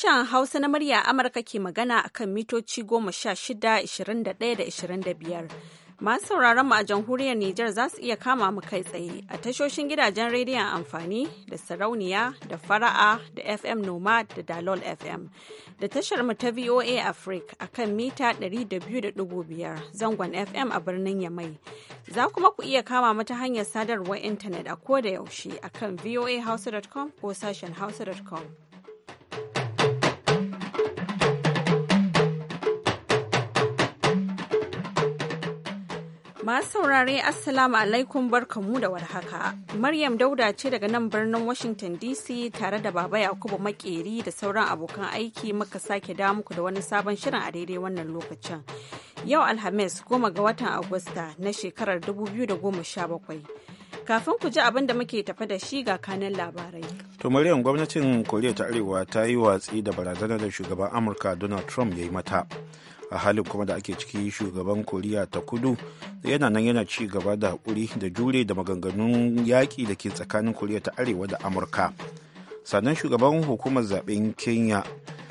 Sashen Hausa na murya Amurka ke magana akan mitoci goma sha shida, ishirin da ɗaya da ishirin da biyar. Masu sauraron mu a jamhuriyar Nijar za su iya kama mu kai tsaye a tashoshin gidajen rediyon amfani da sarauniya da fara'a da FM noma da Dalol FM da tashar mu ta VOA Africa a kan mita biyar zangon FM a birnin Yamai. Za kuma ku iya kama mu ta hanyar sadarwar intanet a ko da yaushe a kan voahausa.com ko sashen hausa.com. Masu saurare Assalamu alaikum barkamu da warhaka. Maryam Dauda ce daga nan birnin Washington DC tare da Baba Yakubu Makeri da sauran abokan aiki muka sake da muku da wani sabon shirin a daidai wannan lokacin. Yau Alhamis goma ga watan Agusta na shekarar 2017. Kafin ku ji abin da muke tafa da shi ga kanan labarai. To Maryam gwamnatin Koriya ta Arewa ta yi watsi da barazanar da shugaban Amurka Donald Trump ya yi mata. a halin kuma da ake ciki shugaban koriya ta kudu yana nan yana ci gaba da haƙuri da jure da maganganun yaƙi da ke tsakanin koriya ta arewa da amurka sannan shugaban hukumar zaben kenya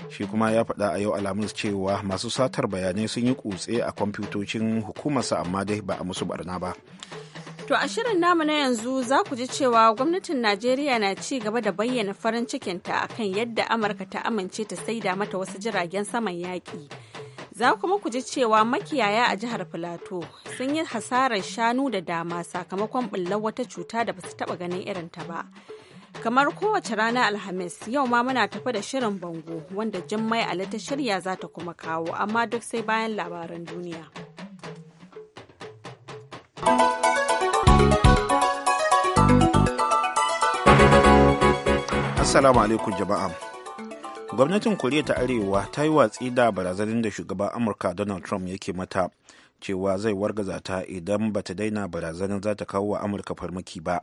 shi kuma ya faɗa a yau alhamis cewa masu satar bayanai sun yi kutse a kwamfutocin hukumarsa amma dai ba a musu barna ba To a shirin namu na yanzu za ku ji cewa gwamnatin Najeriya na ci gaba da bayyana farin cikinta kan yadda Amurka ta amince ta saida mata wasu jiragen saman yaƙi. Za kuma ku ji cewa makiyaya a jihar Filato sun yi hasarar shanu da dama sakamakon bullar wata cuta da ba su taɓa ganin irin ta ba. Kamar kowace rana Alhamis, yau ma muna tafa da shirin bango wanda Jummai Ali ta shirya za ta kuma kawo, amma duk sai bayan labaran duniya. Assalamu alaikum jama'a. gwamnatin koriya ta arewa ta yi watsi da barazanin da shugaban amurka donald trump yake mata cewa zai wargaza ta idan ba ta daina barazanin za ta kawo wa amurka farmaki ba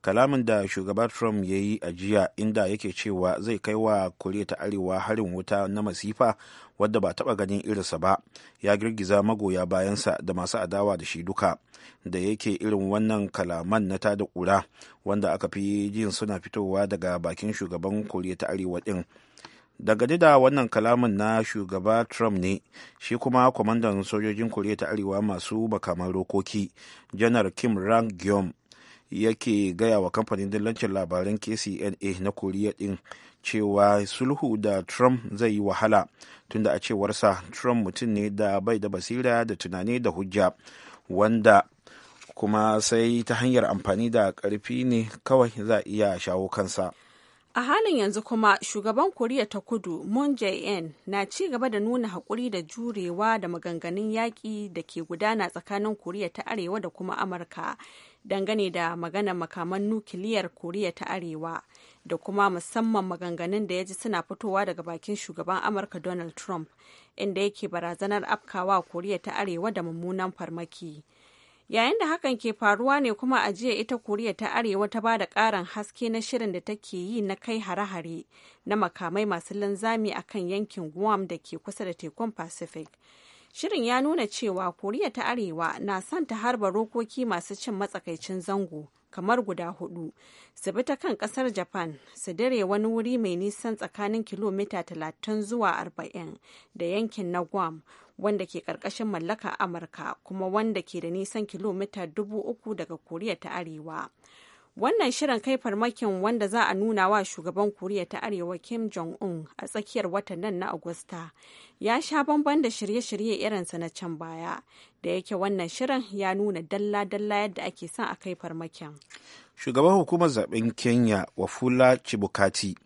kalamin da shugaban trump ya yi a jiya inda yake cewa zai kai wa koriya ta arewa harin wuta na masifa wadda ba taba ganin irinsa ba ya girgiza magoya bayansa da masu adawa da shi duka da yake irin wannan kalaman na tada kura wanda aka fi jin suna fitowa daga bakin shugaban koriya ta arewa din daga dida wannan kalamin na shugaba trump ne shi kuma kwamandan sojojin koriya ta arewa masu makaman rokoki janar kim rang gyom yake gaya wa kamfanin dillancin labaran kcna na koriya din cewa sulhu da trump zai yi wahala tunda a cewarsa trump mutum ne da bai da basira da tunani da hujja wanda kuma sai ta hanyar amfani da karfi ne kawai za a iya shawo kansa A halin yanzu kuma shugaban Koriya ta kudu Moon jae na ci gaba da nuna haƙuri da jurewa da maganganun yaƙi da ke gudana tsakanin Koriya ta Arewa da kuma Amurka dangane da maganar makaman nukiliyar Koriya ta Arewa da kuma musamman maganganun da ya ji suna fitowa daga bakin shugaban Amurka Donald Trump inda yake barazanar afkawa Koriya ta Arewa da mummunan farmaki. yayin da hakan ke faruwa ne kuma a jiya ita koriya ta arewa ta ba da karin haske na shirin da take yi na kai hare-hare na makamai masu linzami a kan yankin guam da ke kusa da tekun pacific shirin ya nuna cewa koriya ta arewa na son ta harba rokoki masu cin matsakaicin zango kamar guda hudu su bi ta kan kasar japan su dare wani wuri mai nisan tsakanin kilomita 30 zuwa 40 da yankin na guam wanda ke ƙarƙashin mallaka amurka kuma wanda ke da nisan kilomita dubu uku daga koriya ta arewa wannan shirin kai farmakin wanda za a nuna wa shugaban koriya ta arewa kim jong-un a tsakiyar watan nan na agusta ya sha bamban da shirye-shirye irinsa na can baya da yake wannan shirin ya nuna dalla-dalla yadda ake son a kai farmakin shugaban hukumar zaben kenya wafula chibukati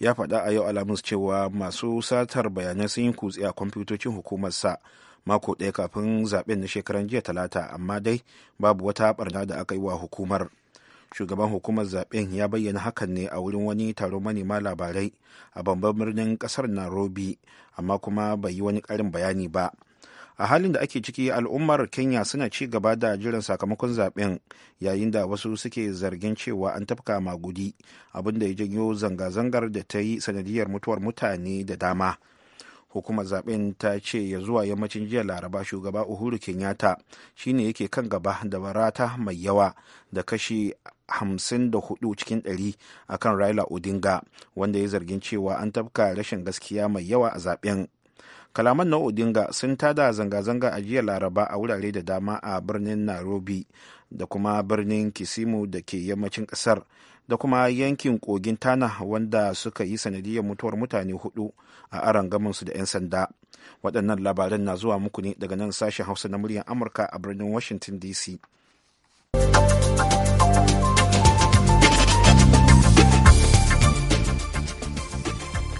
ya faɗa a yau alhamis cewa masu satar bayanai sun yi kutse a kwamfutocin hukumarsa mako ɗaya kafin zaben na shekaran jiya talata amma dai babu wata barna da aka yi wa hukumar shugaban hukumar zaben ya bayyana hakan ne a wurin wani taron manema labarai a babban birnin ƙasar narobi amma kuma bai yi wani ƙarin bayani ba a halin da ake ciki al'ummar kenya suna ci gaba da jiran sakamakon zaben yayin da wasu suke zargin cewa an tafka magudi abinda ya janyo zanga-zangar da ta yi sanadiyar mutuwar mutane da dama hukumar zaben ta ce ya zuwa yammacin jiya laraba shugaba uhuru kenyatta shine yake kan gaba da barata mai yawa da kashi 54 cikin 100 akan raila odinga wanda ya zargin cewa an tafka rashin gaskiya mai yawa a zaben kalaman na odinga sun tada zanga-zanga a jiya laraba a wurare da dama a birnin nairobi da kuma birnin kisimu da ke yammacin kasar da kuma yankin kogin tana wanda suka yi sanadiyar mutuwar mutane hudu a aron gamansu da 'yan sanda waɗannan labaran na zuwa muku ne daga nan sashen hausa na muryar amurka a birnin washington dc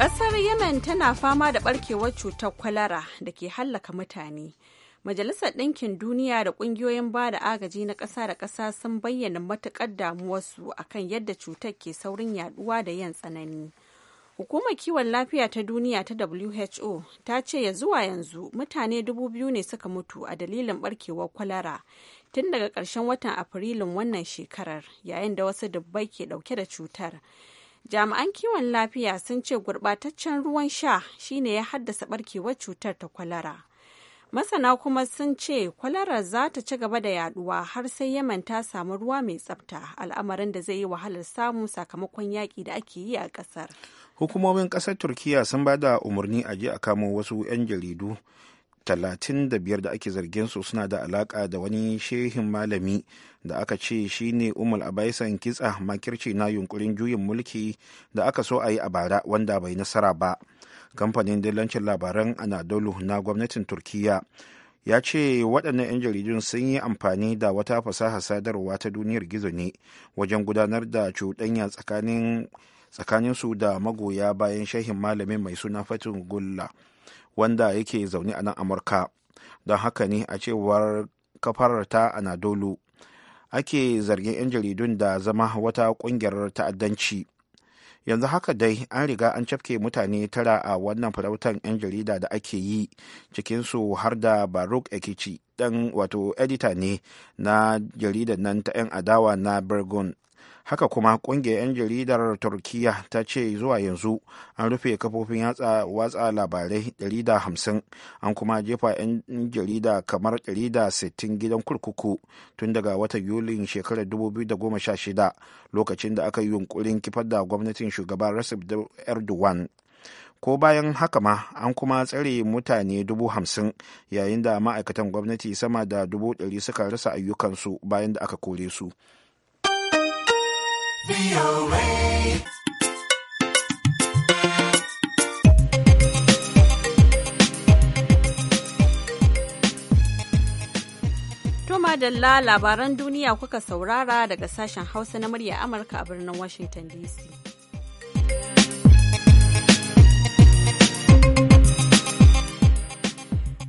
Ƙasar Yemen tana fama da ɓarkewar cutar kwalara da ke hallaka mutane. Majalisar Ɗinkin Duniya da ƙungiyoyin ba da agaji na ƙasa da ƙasa sun bayyana matuƙar damuwarsu a kan yadda cutar ke saurin yaɗuwa da yan tsanani. Hukumar kiwon lafiya ta duniya ta WHO ta ce ya zuwa yanzu mutane dubu biyu ne suka mutu a dalilin barkewar kwalara tun daga ƙarshen watan Afrilun wannan shekarar yayin da wasu dubbai ke ɗauke da cutar. jami'an kiwon lafiya sun ce gurɓataccen ruwan sha shine ya haddasa barkewar cutar ta kwalara masana kuma sun ce kwalarar za ta ci gaba da yaduwa har sai yaman ta samu ruwa mai tsafta al'amarin da zai yi wahalar samun sakamakon yaƙi da ake yi a ƙasar hukumomin ƙasar turkiya sun ba da umarni a je a kamo wasu 'yan jaridu talatin da biyar da ake zargin su suna da alaka da wani shehin malami da aka ce shi shine umar abaisan kitsa makirci na yunkurin juyin mulki da aka so a yi a bara wanda bai nasara ba kamfanin dillancin labaran anadolu na gwamnatin turkiya ya ce waɗannan 'yan jaridun sun yi amfani da wata fasaha sadarwa ta duniyar gizo ne wajen gudanar da cuɗanya tsakanin tsakaninsu da magoya bayan shehin malamin mai suna fatin gulla wanda yake zaune a nan amurka don haka ne a cewar kafarar ta anadolu ake zargin 'yan jaridun da zama wata kungiyar ta'addanci yanzu haka dai an riga an cafke mutane tara a wannan farautan 'yan jarida da ake yi cikinsu har da baruk ekici dan wato edita ne na jaridar nan ta 'yan adawa na bergun haka kuma kungiyar 'yan jaridar turkiya ta ce zuwa yanzu an rufe kafofin watsa labarai 150 an kuma jefa 'yan jarida kamar 160 gidan kurkuku tun daga watan yulin shekarar 2016 lokacin da aka yi yunkurin kifar da gwamnatin shugaban rasif erdogan ko bayan haka ma an kuma tsare mutane dubu hamsin yayin da ma'aikatan gwamnati sama da dubu suka rasa ayyukansu bayan da aka kore su. Toma Dalla labaran duniya kuka saurara daga sashen Hausa na murya Amurka a birnin Washington DC.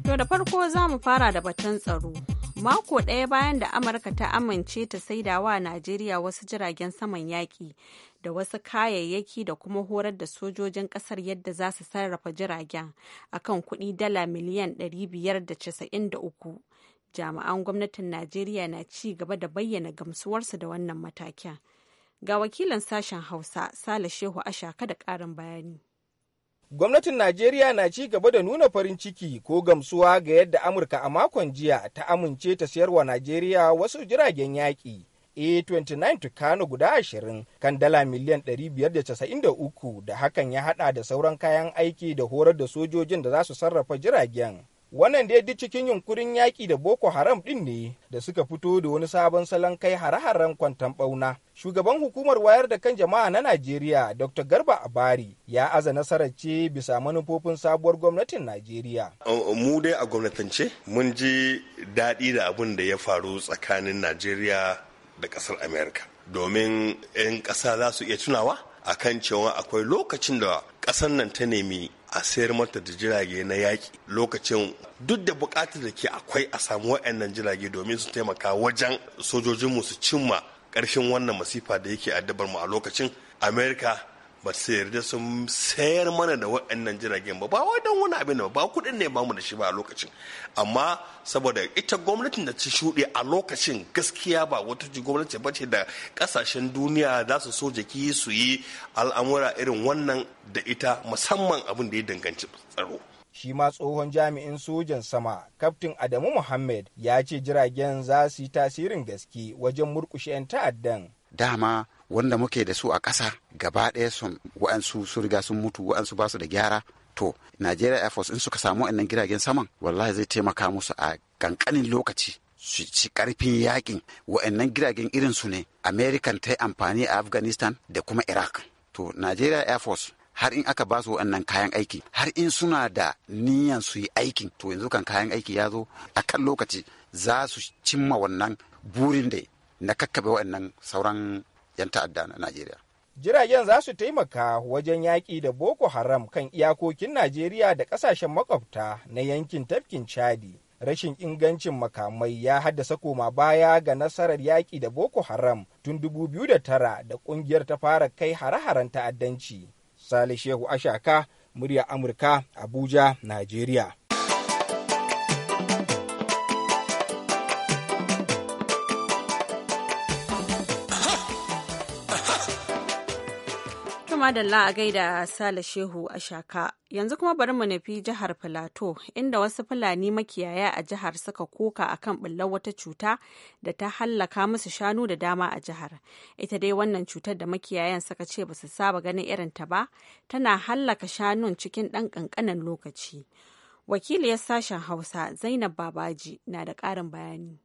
To da farko za mu fara da batun tsaro. Mako ɗaya bayan da Amurka ta amince ta saida wa Najeriya wasu jiragen saman yaƙi da wasu kayayyaki da kuma horar da sojojin ƙasar yadda za su sarrafa jiragen akan kuɗi dala miliyan 593. Jami'an gwamnatin Najeriya na ci gaba da bayyana gamsuwarsu da wannan matakin. Ga wakilin sashen Hausa, Sale Shehu a shaka da ƙarin bayani. gwamnatin Najeriya na ci gaba da nuna farin ciki ko gamsuwa ga yadda Amurka a makon jiya ta amince ta sayarwa Najeriya wasu jiragen yaƙi. A29 kano guda ashirin kan dala miliyan 593 da hakan ya hada da sauran kayan aiki da horar da sojojin da za su sarrafa jiragen. wannan dai duk cikin yunkurin yaƙi da boko haram ɗin ne da suka fito da wani sabon salon kai hare-haren kwantan ɓauna shugaban hukumar wayar da kan jama'a na najeriya dr garba abari ya aza nasarar ce bisa manufofin sabuwar gwamnatin najeriya mu dai a gwamnatance mun ji daɗi da abin da ya faru tsakanin najeriya da ƙasar amerika domin 'yan ƙasa za su iya tunawa akan cewa akwai lokacin da ƙasar nan ta nemi a sayar mata da jirage na yaƙi lokacin duk da buƙatar da ke akwai a samu waɗannan jirage domin su taimaka wajen sojojinmu su cimma ƙarshen wannan masifa da yake addabar mu a lokacin amerika ba su yarda sun sayar mana da waɗannan jiragen ba ba don wani abin da ba kuɗin ne ba mu da shi ba a lokacin amma saboda ita gwamnatin da ta shuɗe a lokacin gaskiya ba wata gwamnati ba ce da ƙasashen duniya za su so jiki su yi al'amura irin wannan da ita musamman abin da ya danganci tsaro shi ma tsohon jami'in sojan sama kaftin adamu muhammad ya ce jiragen za su yi tasirin gaske wajen murkushe 'yan ta'addan dama wanda muke da su a ƙasa gaba ɗaya sun wa'ansu su riga sun mutu wa'ansu ba su da gyara to Nigeria Air Force in suka samu wannan jiragen saman wallahi zai taimaka musu a kankanin lokaci su ci karfin yakin wa'annan giragen irin su ne American ta amfani a Afghanistan da kuma Iraq to Nigeria Air Force har in aka ba su wannan kayan aiki har in suna da niyan su yi aikin to yanzu kan kayan aiki ya zo a kan lokaci za su cimma wannan burin da na kakkabe wa'annan sauran 'yan ta'adda na Najeriya. Jiragen za su taimaka wajen yaƙi da Boko Haram kan iyakokin Najeriya da ƙasashen makwabta na yankin tafkin Chadi. Rashin ingancin makamai ya haddasa koma baya ga nasarar yaƙi da Boko Haram tun 2009 da ƙungiyar ta fara kai hare-haren ta'addanci. Sale Shehu Ashaka, murya Amurka, Abuja, Najeriya. madalla a gaida Sale Shehu a Shaka. Yanzu kuma bari mu nufi jihar Filato, inda wasu Fulani makiyaya a jihar suka koka kan ɓullar wata cuta da ta hallaka musu shanu da dama a jihar. Ita dai wannan cutar da makiyayan suka ce ba su saba ganin irin ta ba, tana hallaka shanun cikin ɗan ƙanƙanin lokaci. Wakiliyar sashen Hausa Zainab Babaji na da ƙarin bayani.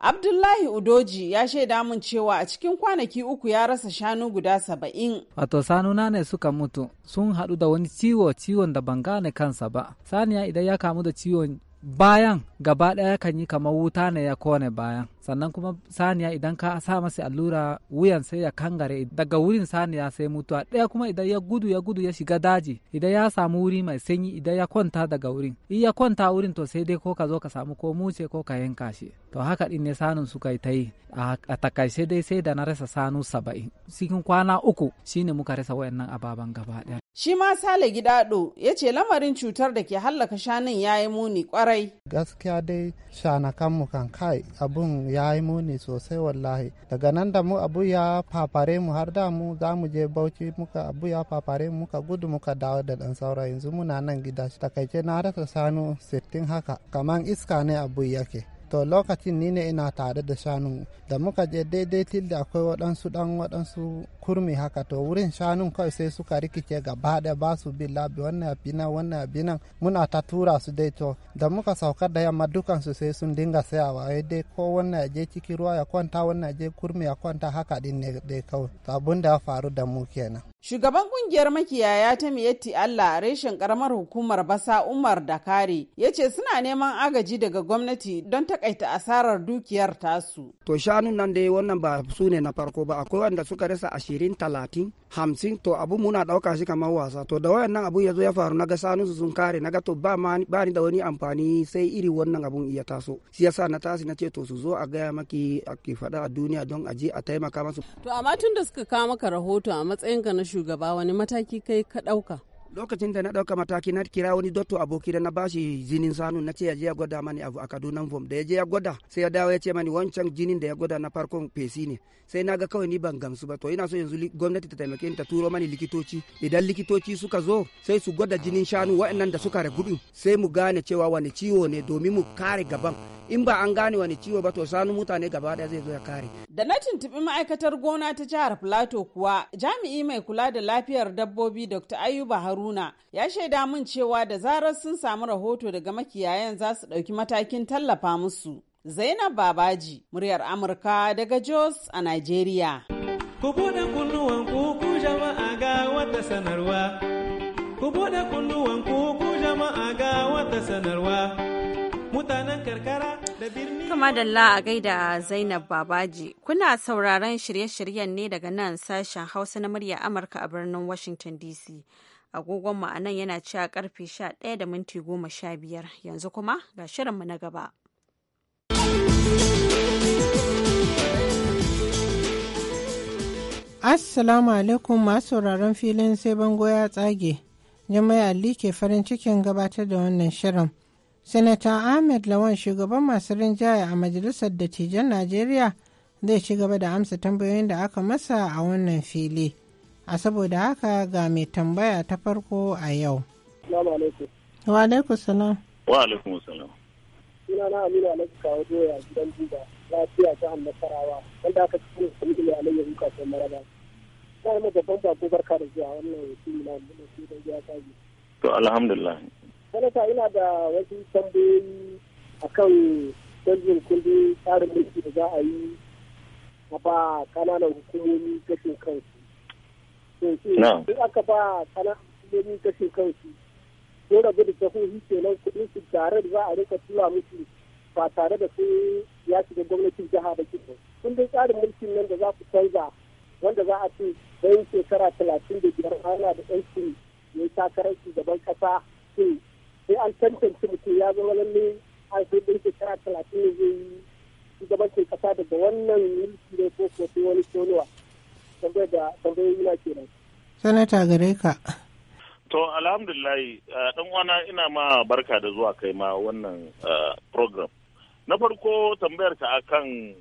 Abdullahi Udoji ya shaida mun cewa a cikin kwanaki uku ya rasa shanu guda saba'in. Wato sanuna ne suka mutu sun haɗu da wani ciwo ciwon da ban gane kansa ba. Saniya idan ya kamu da ciwon bayan gaba ɗaya kan yi kamar wuta ne ya kone bayan. sannan kuma saniya idan ka sa masa allura wuyan sai ya kangare daga wurin saniya sai mutuwa ɗaya kuma idan ya gudu ya gudu ya shiga daji idan ya samu wuri mai sanyi idan ya kwanta daga wurin in ya kwanta wurin to sai dai ko ka zo ka samu ko muce ko ka yanka shi to haka din ne sanun su kai ta yi a takaice dai sai da na rasa sanu saba'in cikin kwana uku shine muka rasa wayannan ababen gaba ɗaya. shi ma sale gidado ya ce lamarin cutar da ke hallaka shanun ya yi muni kwarai gaskiya dai shanakan mu kan kai abun ya yi muni sosai wallahi daga nan da mu abu ya fafare mu har da mu za mu je bauchi muka abu ya fafare mu muka gudu muka dawo da dan saura yanzu muna nan gida takaice na rasa sanu 60 haka kaman iska ne abu yake to lokacin ni ne ina tare da shanun da muka je daidai tilda akwai waɗansu ɗan waɗansu kurmi haka to wurin shanun kawai sai suka rikice gaba da ba su bi labi wannan abi nan wannan abi nan muna ta tura su dai to da muka sauka da yamma dukan su sai sun dinga sayawa waye dai ko wannan je ciki ruwa ya kwanta wannan je kurmi ya kwanta haka din ne dai kawai abun da ya faru da mu kenan Shugaban kungiyar makiyaya ta Miyatti Allah reshen karamar hukumar Basa Umar da kare ya ce suna neman agaji daga gwamnati don takaita asarar dukiyar tasu. To shanun nan dai wannan ba su ne na farko ba akwai wanda suka rasa ashirin talatin hamsin to abu muna dauka shi kamar wasa to da wayannan abu ya zo ya faru naga sanu su sun kare naga to ba ni da wani amfani sai iri wannan abun iya taso shi yasa na tasi na ce to su zo a gaya maki a faɗa a duniya don a je a taimaka masu. To amma tun da suka kawo maka rahoto a matsayinka na shugaba wani mataki kai ka ɗauka? lokacin da na ɗauka mataki na kira wani dotto aboki da na bashi jinin sanu na ce ya je ya gwada mani abu a Kaduna vom da ya je ya gwada sai ya dawo ya ce mani wancan jinin da ya gwada na farkon fesi ne sai na ga kawai ni ban gamsu ba to ina so yanzu gwamnati ta taimake ni ta turo mani likitoci idan likitoci suka zo sai su gwada jinin shanu waɗannan da suka gudu sai mu gane cewa wani ciwo ne domin mu kare gaban in ba an gane wani ciwo ba to sanu mutane gaba daya zai zo ya kare. Da na tuntubi ma'aikatar gona ta jihar plateau kuwa jami'i mai kula da lafiyar dabbobi Dr. Ayuba Haruna haruna ya shaida min cewa da zarar sun samu rahoto daga makiyayan za su ɗauki matakin tallafa musu zainab babaji muryar amurka daga jos a nigeria ku buɗe kunnuwan ku jama'a ga wata sanarwa ku buɗe kunnuwan ku jama'a ga wata sanarwa mutanen karkara da birni. Kama da a gaida Zainab Babaji, kuna sauraron shirye-shiryen ne daga nan sashen Hausa na murya Amurka a birnin Washington DC. agogon nan yana ci a sha ɗaya da minti goma sha biyar yanzu kuma ga shirinmu na gaba. Assalamu alaikum masu sauraron filin sai bango ya tsage. Jama'a Ali ke farin cikin gabatar da wannan shirin. Sanata Ahmed Lawan shugaban masu rinjaya a Majalisar Dattijan Najeriya zai ci gaba da amsa tambayoyin da aka masa a wannan fili. a saboda haka ga mai tambaya ta farko a yau. Wa alaikum salam. Wa alaikum salam. Suna na Aminu suka kawo doya gidan duba lafiya ta hannun farawa wanda aka cikin kungiyar a ya ruka sun maraba. Ta yi mata ban bako barka da zuwa wannan shiri na da su don ya kaji. To alhamdulillah. Sanata ina da wasu tambayoyi a kan canjin kundin tsarin mulki da za a yi a ba kananan hukumomi gashin kansu. to duk aka ba kana hukumomi kashe kansu ko rabu da jihohi kenan kuɗin su tare za a rika tura musu ba tare da sun ya shiga gwamnatin jiha ba kenan kun dai tsarin mulkin nan da za ku canza wanda za a ce bayan shekara talatin da biyar ana da yanci ya yi takarar shugaban kasa sai sai an tantance mutum ya zama lalle an sai bayan shekara talatin da zai yi shugabancin kasa daga wannan mulki ne ko ko sai wani tonewa sanata gare ka to alhamdulillahi uh, dan wana ina ma barka da zuwa kai ma wannan uh, program na farko tambayar ka akan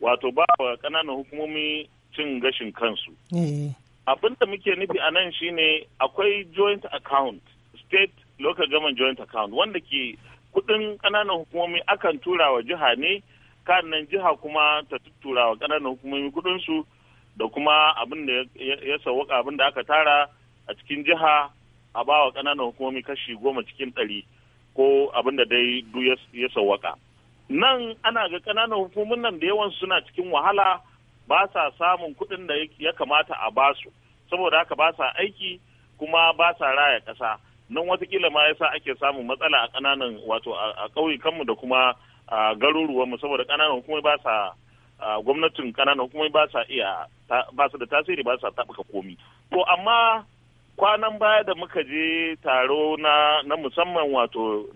wato ba wa ƙananan hukumomi cin gashin kansu eh. abin da muke nufi a nan shine akwai joint account state local government joint account wanda ke kudin ƙananan hukumomi akan tura wa jiha ne kan nan jiha kuma ta tura wa ƙananan hukumomi kudinsu da kuma abin da ya sauwaka abin da aka tara a cikin jiha a bawa ƙananan hukumomi kashi goma cikin ɗari ko abin da dai du ya sauwaka nan ana ga kananan hukumomin nan da yawan suna cikin wahala ba sa samun kuɗin da ya kamata a ba su saboda haka ba sa aiki kuma ba sa raya ƙasa nan watakila ma yasa ake samun matsala a ƙananan wato a ƙauyukanmu da kuma a garuruwanmu saboda ƙananan hukumomi ba sa gwamnatin ƙananan hukumomi ba sa iya ba su da tasiri ba sa taɓuka komi to amma kwanan baya da muka je taro na, na musamman wato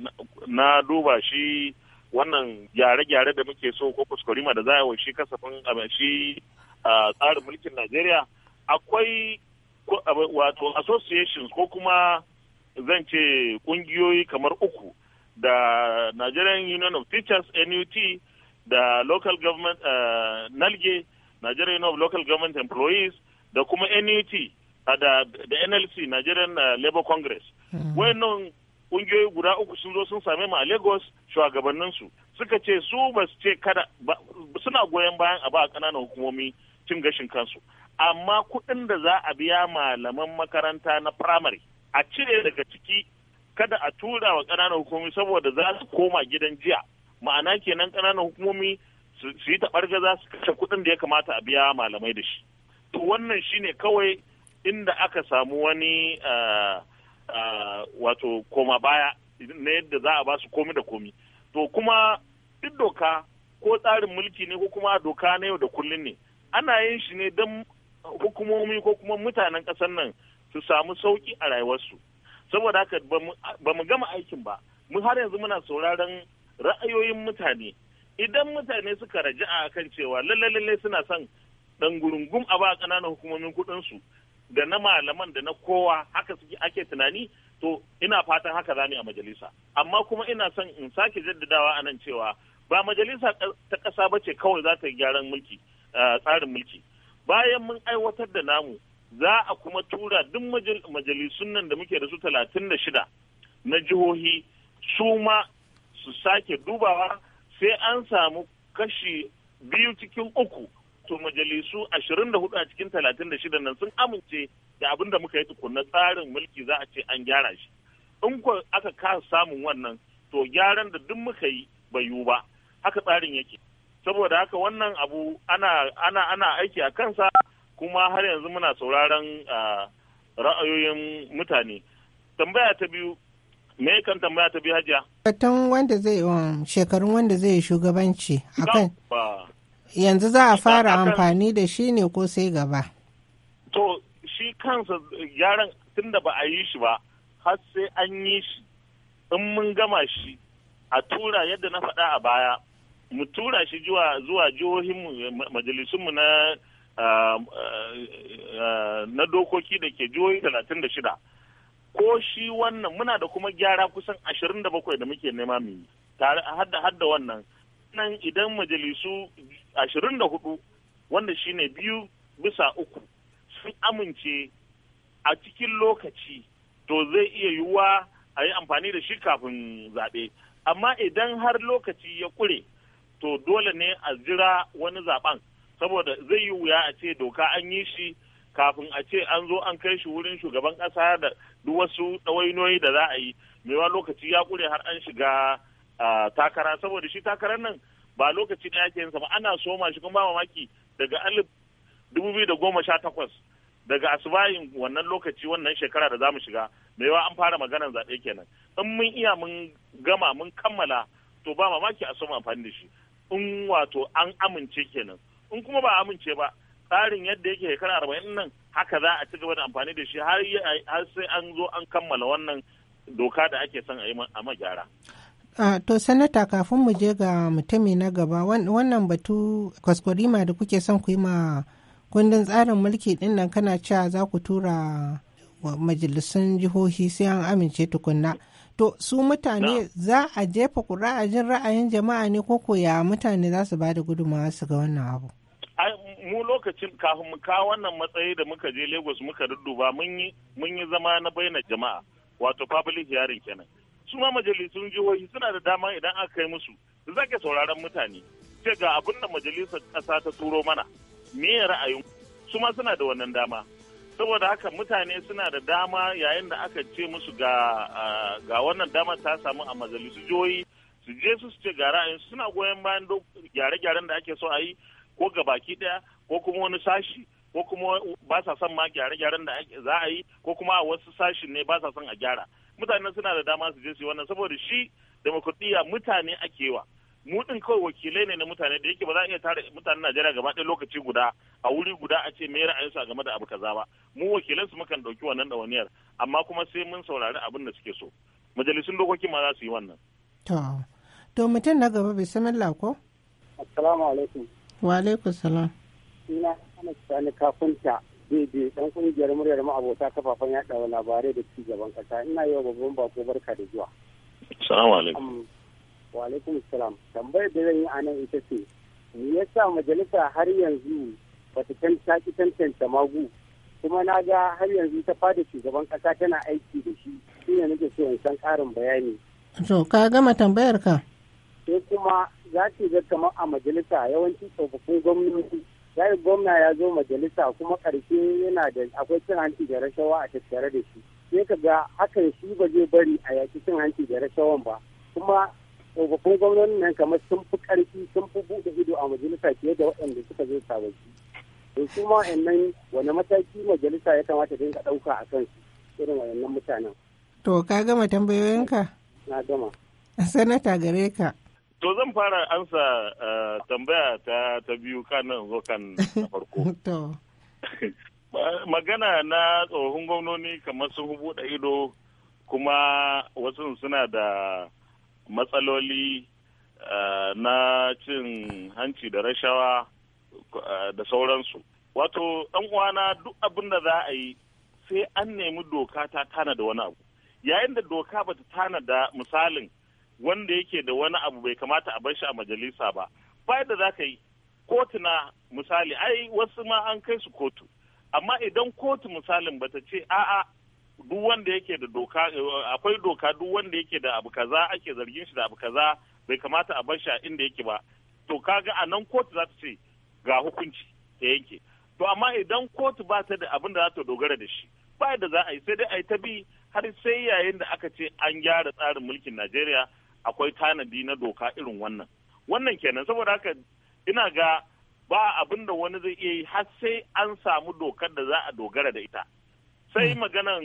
na, duba shi wannan gyare-gyare da muke so ko kuskurima da za a shi kasafin shi tsarin mulkin Najeriya akwai wato associations ko kuma zan ce kungiyoyi kamar uku da Nigerian Union of Teachers NUT da local government uh, nalge Nigeria Union of Local Government Employees da kuma NUT e ah, da, da NLC Nigerian uh, Labour Congress. Mm. Wayannan kungiyoyi guda uku sun zo sun same mu a Lagos shugabanninsu suka ce su ba su ce kada suna goyon bayan a ba kananan hukumomi cin gashin kansu. Amma kuɗin da za a biya malaman makaranta na firamare a cire daga ciki kada a tura wa ƙananan hukumomi saboda za su koma gidan jiya. ma'ana kenan ƙananan hukumomi su yi taɓar gaza su kashe kuɗin da ya kamata a biya malamai da shi to wannan shine kawai inda aka samu wani wato koma baya na yadda za a ba su komi da komi to kuma duk doka ko tsarin mulki ne ko kuma doka na yau da kullun ne ana yin shi ne don hukumomi ko kuma mutanen ƙasar nan su samu sauƙi a rayuwarsu saboda haka ba mu gama aikin ba mun har yanzu muna sauraron ra'ayoyin mutane idan mutane suka raja'a kan cewa lalle suna son dan gurungum a ba ƙananan hukumomin kudinsu da na malaman da na kowa haka suke ake tunani to ina fatan haka za a majalisa amma kuma ina son in sake jaddadawa a nan cewa ba majalisa ta ƙasa ba ce kawai za ta yi gyaran mulki tsarin mulki bayan mun aiwatar da namu za a kuma tura duk majalisun nan da muke da su talatin da shida na jihohi su ma su sake dubawa sai an samu kashi biyu cikin uku to majalisu ashirin da hudu a cikin talatin da shida nan sun amince da abin da muka yi tukunna tsarin mulki za a ce an gyara shi in ko aka ka samun wannan to gyaran da duk muka yi bai yiwu ba haka tsarin yake saboda haka wannan abu ana ana ana aiki a kansa kuma har yanzu muna sauraron ra'ayoyin mutane tambaya ta biyu me kan tambaya ta biyu hajiya Batun wanda zai um, shekarun wanda zai shugabanci akan yanzu za a fara amfani da shi ne ko sai gaba. To shi kansa yaran tunda ba a yi shi ba har sai an yi shi in mun gama shi a tura yadda na faɗa a baya mu tura shi zuwa jihohin majalisunmu na um, uh, uh, na dokoki da ke jihohi talatin da shida ko shi wannan muna da kuma gyara kusan ashirin da bakwai da muke nema mu yi tare hadda wannan nan idan majalisu ashirin da hudu wanda shine biyu bisa uku sun amince a cikin lokaci to zai iya yiwuwa a yi amfani da shi kafin zaɓe amma idan har lokaci ya kure to dole ne a jira wani zaɓen saboda zai yi wuya a ce doka an yi shi kafin a ce an zo an kai shi wurin shugaban ƙasa da duk wasu ɗawainoyi da za a yi maiwa lokaci ya ƙure har an shiga takara saboda shi takarar nan ba lokaci ɗaya ke yin ba ana so ma shi kuma mamaki daga alif dubu biyu da goma sha takwas daga asibayin wannan lokaci wannan shekara da za mu shiga maiwa an fara maganar zaɓe kenan in mun iya mun gama mun kammala to ba mamaki a soma amfani da shi in wato an amince kenan in kuma ba amince ba tsarin yadda yake shekara arba'in nan haka za a ci gaba da amfani da shi har sai an zo an kammala wannan doka da ake son a yi a magyara. to sanata kafin mu je ga mutumi na gaba wannan batu kwaskwarima da kuke son ku yi ma kundin tsarin mulki din kana cewa za ku tura majalisun jihohi sai an amince tukunna to su mutane za a jefa ra'ajin ra'ayin jama'a ne ko ya mutane za su ba da gudunmawa su ga wannan abu mu lokacin kafin mu kawo wannan matsayi da muka je Lagos muka dudduba mun yi mun yi zama na bayyana jama'a wato public hearing kenan su ma majalisun jihohi suna da dama idan aka kai musu zake sauraron mutane ce ga abin da majalisar ƙasa ta turo mana me ya ra'ayin su ma suna da wannan dama saboda haka mutane suna da dama yayin da aka ce musu ga ga wannan dama ta samu a majalisun jihohi su je su ce ga ra'ayin suna goyon bayan gyare-gyaren da ake so a yi ko gabaki daya ko kuma wani sashi ko kuma ba sa son ma gyare-gyaren da za a yi ko kuma a wasu sashin ne ba sa son a gyara mutanen suna da dama su je su yi wannan saboda shi demokradiyya mutane akewa. kewa mu din kawai wakilai ne na mutane da yake ba za a iya tare mutanen Najeriya gaba ɗaya lokaci guda a wuri guda a ce me su a game da abu kaza ba mu wakilan su mukan dauki wannan dawaniyar amma kuma sai mun saurari abin da suke so majalisun dokoki ma za su yi wannan. To, mutum na gaba bai bismillah ko? Assalamu alaikum. Wa alaikun salam. Ina ana tsani kafinta daidai dan kungiyar muryar ma'abota kafafen yaɗa labarai da ci gaban kasa ina yau babban babban bako barka da zuwa. Salamu alaikum. Wa alaikum salam. Tambayar da zan yi a nan ita ce me yasa majalisa har yanzu bata tantance tantance magu kuma na ga har yanzu ta fada shugaban kasa tana aiki da shi shine nake so in san karin bayani. To ka gama tambayar ka? sai kuma za ki ga kamar a majalisa yawanci tsofaffin gwamnati yi gwamna ya zo majalisa kuma ƙarshe yana da akwai cin hanci da rashawa a tattare da shi sai ka ga hakan shi ba zai bari a yaki cin hanci da rashawan ba kuma tsofaffin gwamnati nan kamar sun fi ƙarfi sun fi buɗe ido a majalisa fiye da waɗanda suka zo sabaki to su ma wani mataki majalisa ya kamata ta dinga ɗauka a kan su irin wannan mutanen. to ka gama tambayoyinka. na gama. sanata gare ka. To zan fara ansa eh, tambaya ta biyu kanan zo kan na farko. Magana na tsohon gwamnoni kamar sun buɗe ido kuma wasu suna da matsaloli eh, na cin hanci da rashawa eh, da sauransu. Wato, ɗan uwana duk abin da za a yi sai an nemi doka ta tana da wani abu. Yayin da doka bata tana da misalin wanda yake da wani abu bai kamata a bar shi a majalisa ba ba da za ka yi kotu na misali ai wasu ma an kai su kotu amma idan kotu misalin bata ce a'a duk wanda yake da doka akwai doka duk wanda yake da abu kaza ake zargin shi da abu kaza bai kamata a bar shi a inda yake ba to kaga a nan kotu za ta ce ga hukunci ta yanke to amma idan kotu ba ta da abin da za ta dogara da shi ba da za a yi sai dai a yi ta bi har sai yayin da aka ce an gyara tsarin mulkin Najeriya akwai tanadi na doka irin wannan wannan kenan saboda haka ina ga ba abin da wani zai iya yi har sai an samu dokar da za a dogara da ita sai hmm. maganan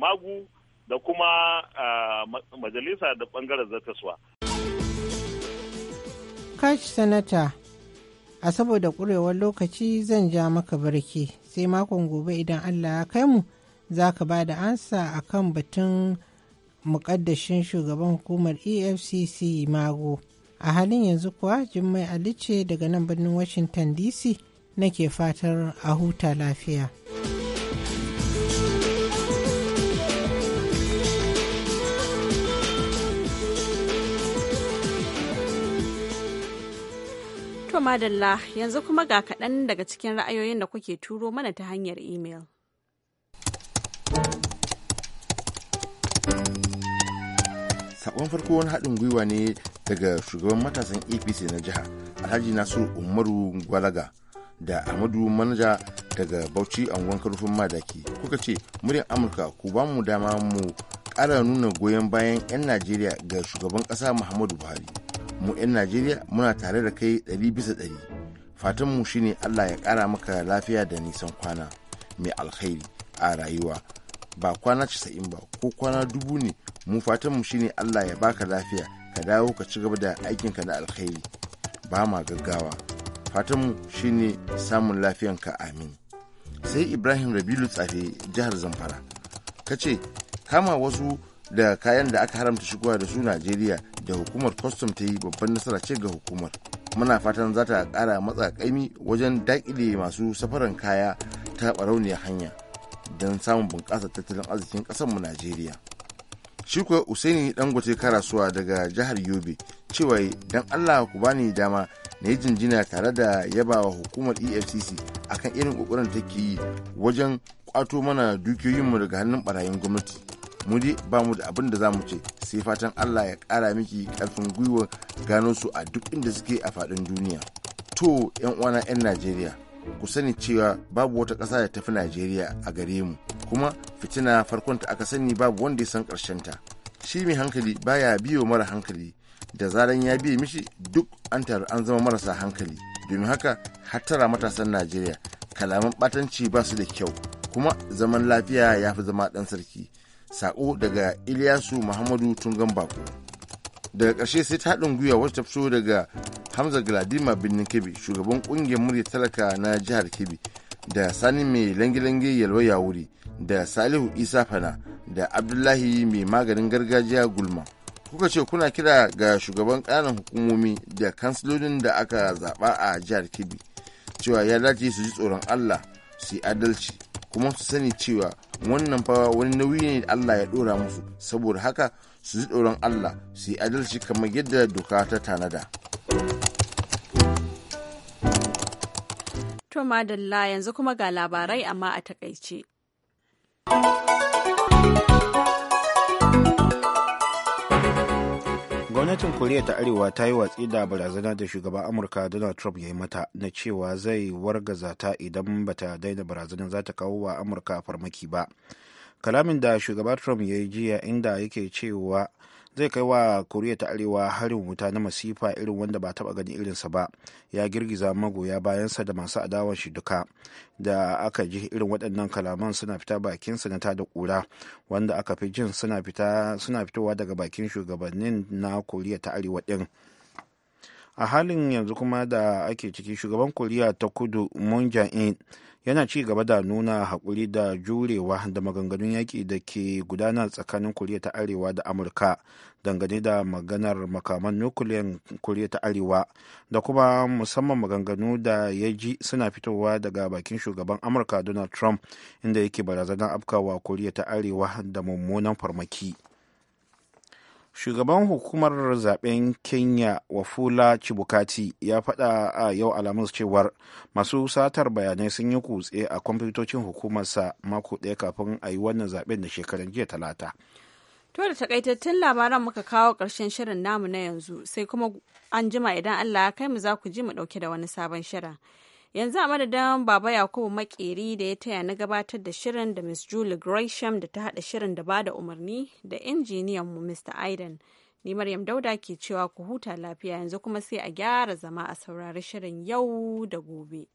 magu da kuma majalisa da bangaren zataswa kashi sanata a saboda kurewar lokaci zan ja maka barki sai makon gobe idan allah ya kai mu za ka ba da ansa akan batun mukaddashin shugaban hukumar efcc mago a halin yanzu kuwa jummai ali ce daga nan birnin washington dc nake fatar a huta lafiya. To madalla yanzu kuma ga kaɗan daga cikin ra'ayoyin da kuke turo mana ta hanyar imel. sabon farko wani haɗin gwiwa ne daga shugaban matasan apc na jiha alhaji nasiru umaru gwalaga da ahmadu manaja daga bauchi a anguwan karfin madaki kuka ce muryar amurka ku ba mu dama mu ƙara nuna goyon bayan 'yan najeriya ga shugaban ƙasa muhammadu buhari mu 'yan najeriya muna tare da kai ɗari bisa ɗari fatan mu shine allah ya ƙara maka lafiya da nisan kwana mai alkhairi a rayuwa ba kwana casa'in ba ko kwana dubu ne mu fatan mu shine Allah ya baka lafiya ka dawo ka ci gaba da aikinka na alkhairi ba ma gaggawa fatanmu mu shine samun ka amin sai ibrahim rabilu tsafe jihar zamfara ka ce kama wasu da kayan da aka haramta shigowa da su najeriya da hukumar kwastam ta yi babban nasara ce ga hukumar muna fatan za ta kara matsa kaimi wajen dakile masu safaran kaya ta barauniyar hanya don samun bunƙasa tattalin arzikin ƙasarmu najeriya shi kuwa usaini dangote karasuwa daga jihar yobe cewa don allah ku bani dama na yi jinjina tare da yabawa hukumar efcc akan irin kokurin da take yi wajen kwato mana dukiyoyinmu daga hannun barayin gwamnati mu dai ba mu da abin da za mu ce sai fatan allah ya kara miki karfin gwiwa gano su a duk inda suke a faɗin duniya to yan uwana yan najeriya ku sani cewa babu wata ƙasa da tafi najeriya a gare mu kuma fitina farkon ta aka sani babu wanda ya san ta shi mai hankali baya biyo mara hankali da zaran ya biye mishi duk an taru an zama marasa hankali domin haka hattara matasan najeriya kalaman batanci ba su da kyau kuma zaman lafiya ya fi zama ɗan sarki sako daga iliyasu muhammadu tungan bako daga karshe sai ta haɗin gwiwa wacce ta daga hamza galadima birnin kebbi shugaban ƙungiyar murya talaka na jihar kebbi da sani mai langi yalwa ya wuri da Salihu Isa Fana da Abdullahi mai maganin gargajiya Gulma. Kuka ce kuna kira ga shugaban ƙananan hukumomi da kansilolin da aka zaɓa a jihar Kebbi cewa ya dace su ji tsoron Allah su yi adalci kuma su sani cewa wannan fa wani nauyi ne da Allah ya ɗora musu saboda haka su ji tsoron Allah su yi adalci kamar yadda doka ta tanada. To madalla yanzu kuma ga labarai amma a takaice. gwamnatin koriya ta arewa ta yi watsi da barazana da shugaban amurka donald trump ya yi mata na cewa zai wargaza ta idan bata daina barazanar za ta kawo wa amurka farmaki ba kalamin da shugaban trump ya yi jiya inda yake cewa zai kai wa koriya ta arewa harin wuta na masifa irin wanda ba taba gani irinsa ba ya girgiza magoya bayansa da masu adawan shi duka da aka ji irin waɗannan kalaman suna fita bakin sanata da ƙura wanda aka fi jin suna fitowa daga bakin shugabannin na koriya ta arewa ɗin a halin yanzu kuma da ake ciki shugaban koriya ta kudu moon in yana ci gaba da nuna haƙuri da jurewa da maganganun yaƙi da ke gudana tsakanin kuriya ta arewa da amurka dangane da maganar makaman nukuliyan koriya ta arewa da kuma musamman maganganu da ya ji suna fitowa daga bakin shugaban amurka donald trump inda yake barazanar afkawa koriya ta arewa da mummunan farmaki. shugaban hukumar zaben kenya wafula chibukati ya faɗa a yau alhamis cewar masu satar bayanai sun yi kutse a kwamfutocin hukumarsa mako ɗaya kafin a yi wannan zaben da shekaran jiya talata to da takaitattun labaran muka kawo ƙarshen shirin namu na yanzu sai kuma an jima idan allah ya kai mu za ku ji mu ɗauke da wani sabon shirin yanzu a madadin baba yakubu makeri da ya taya na gabatar da shirin da miss julie gresham da ta hada shirin da ba da umarni da injiniyan mu mr aiden ni maryam dauda ke cewa ku huta lafiya yanzu kuma sai a gyara zama a saurari shirin yau da gobe